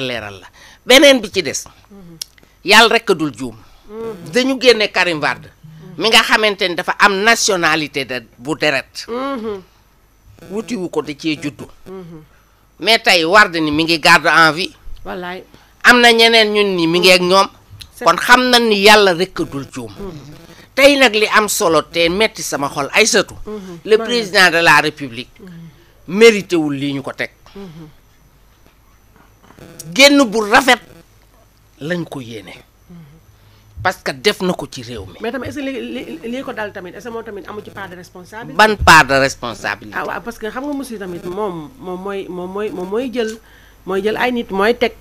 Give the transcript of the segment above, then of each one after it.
leeral la beneen bi ci des yàlla rek juum dañu génne Karim Wade mi nga xamante ni dafa am nationalité de bu deret wutiwu ko da cee juddu mais tey Wade ni mi ngi garde en vie am na ñeneen ñun ni mi ngi ñoom kon xam na ni yàlla rek juum tey nag li am solo te metti sama xol ay satu le président de la république mérité wul ko teg génn bu rafet lañ ko yéene parce que def na ko ci réew mi. mais tamit est ko dal tamit est tamit amu ci part de ban part de responsabilité. ah waaw parce que xam nga monsieur tamit moom moom mooy moom mooy moom mooy jël mooy jël ay nit mooy teg.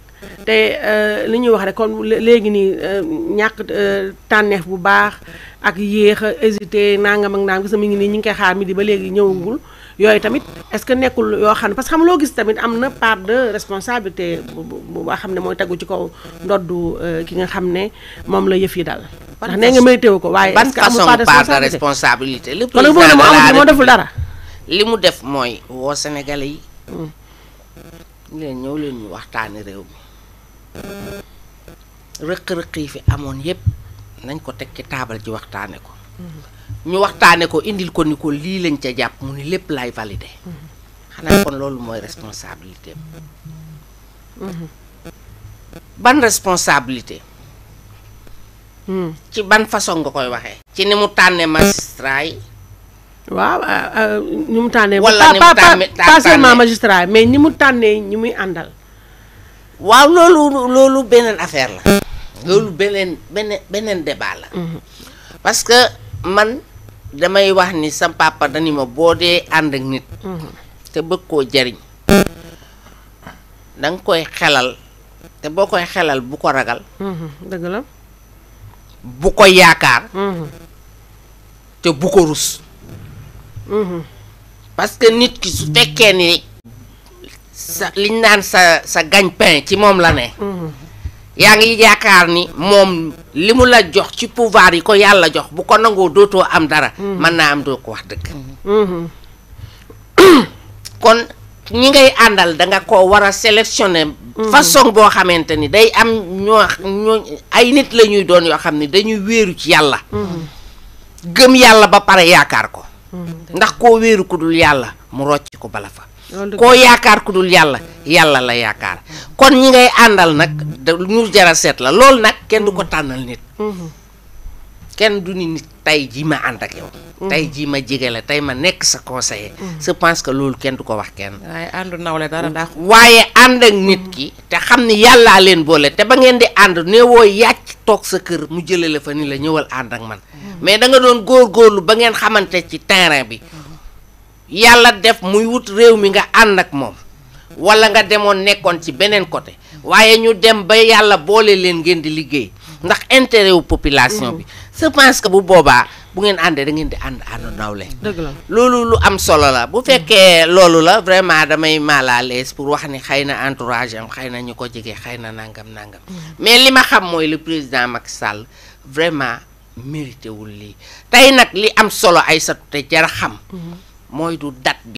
te euh, li ñuy wax rek kon léegi nii euh, ñàkk euh, tànneef bu baax ak yéex a hésité nangam ak nangam gis mi ngi nii ñu ngi koy xaar mi di ba léegi ñëwagul yooyu tamit. est-ce que nekkul yoo xam ne parce que xam loo gis tamit am na part de responsabilité bu boo xam ne mooy tegu ci kaw ndoddu euh, ki nga xam ne moom la yëf yi dal. ndax nee nga mérité wu ko waaye. est-ce que amul part de responsabilité ban façon part de responsabilité. le président de la moo deful dara. li mu def mooy woo Sénégalais yi. ñu hmm. leen ñëw leen ñu waxtaani réew mi rëq-rëq yi fi amoon yépp nañ ko teg ci taabal ji waxtaane ko. Hmm. ñu waxtaane ko indil ko ni ko lii lañ ca jàpp mu ni lépp laay validé xanaa kon loolu mooy responsabilité ban responsabilité hmm. ci ban façon nga koy waxee ci ni mu tànnee magistrat yi waaw euh, euh, ni mu tànnee wala ni mu tànnee mais ni mu tànnee ñi muy àndal waaw loolu loolu beneen affaire la loolu beneen beneen beneen la hmm. parce man damay wax ni sa papa dani ma boo dee ànd ak nit mm-hmm. te bëgg koo jariñ danga koy xelal te boo koy xelal bu ko ragal mm-hmm. bu ko yaakaar mm-hmm. te bu ko rus parce que nit ki su fekkee ni sa liñ naan sa sa gagne-pain ci moom la ne yaa ngi yaakaar ni moom li mu la jox ci pouvoir yi ko yàlla jox bu ko nangoo dootoo am dara. Mm-hmm. mën naa am doo ko wax dëgg. Mm-hmm. kon ñi ngay àndal danga ko war a sélectionner. Mm-hmm. façon boo xamante ni day am ñoo ay nit la ñuy doon yoo xam ni dañuy wéeru ci yàlla. gëm yàlla ba pare yaakaar ko. ndax koo wéeru ku dul yàlla mu rocc ko bala fa. koo yaakaar ku dul yàlla yàlla la yaakaar kon ñi ngay àndal nag ñu jara seet la lool nag kenn du ko tànnal nit mhm. kenn du ni nit tey jii ma ànd ak yow mhm. tey jii ma jege la tey ma nekk sa conseiller mhm. je pense que loolu kenn du ko wax kenn waaye àndu nawle dara daa waaye ànd ak nit ki te xam ni yàlla leen boole te ba ngeen di ànd neewoo yàcc toog sa kër mu jëlee la fa ni la ñëwal ànd ak man mais danga doon doon góorgóorlu ba ngeen xamante ci terrain bi yàlla def muy wut réew mi nga ànd ak moom wala nga demoon nekkoon ci beneen côté waaye ñu dem ba yàlla boole leen ngeen di liggéey ndax intérêt wu population bi je pense que bu boobaa bu ngeen àndee da di ànd ànd nawle loolu lu am solo la bu fekkee loolu la vraiment damay mal à pour wax ni xëy na entourage am xëy na ñu ko jege xëy na nangam nangam mais li ma xam mooy le président Macky Sall vraiment mérité wul lii tey nag li am solo ay satu te xam mooy du date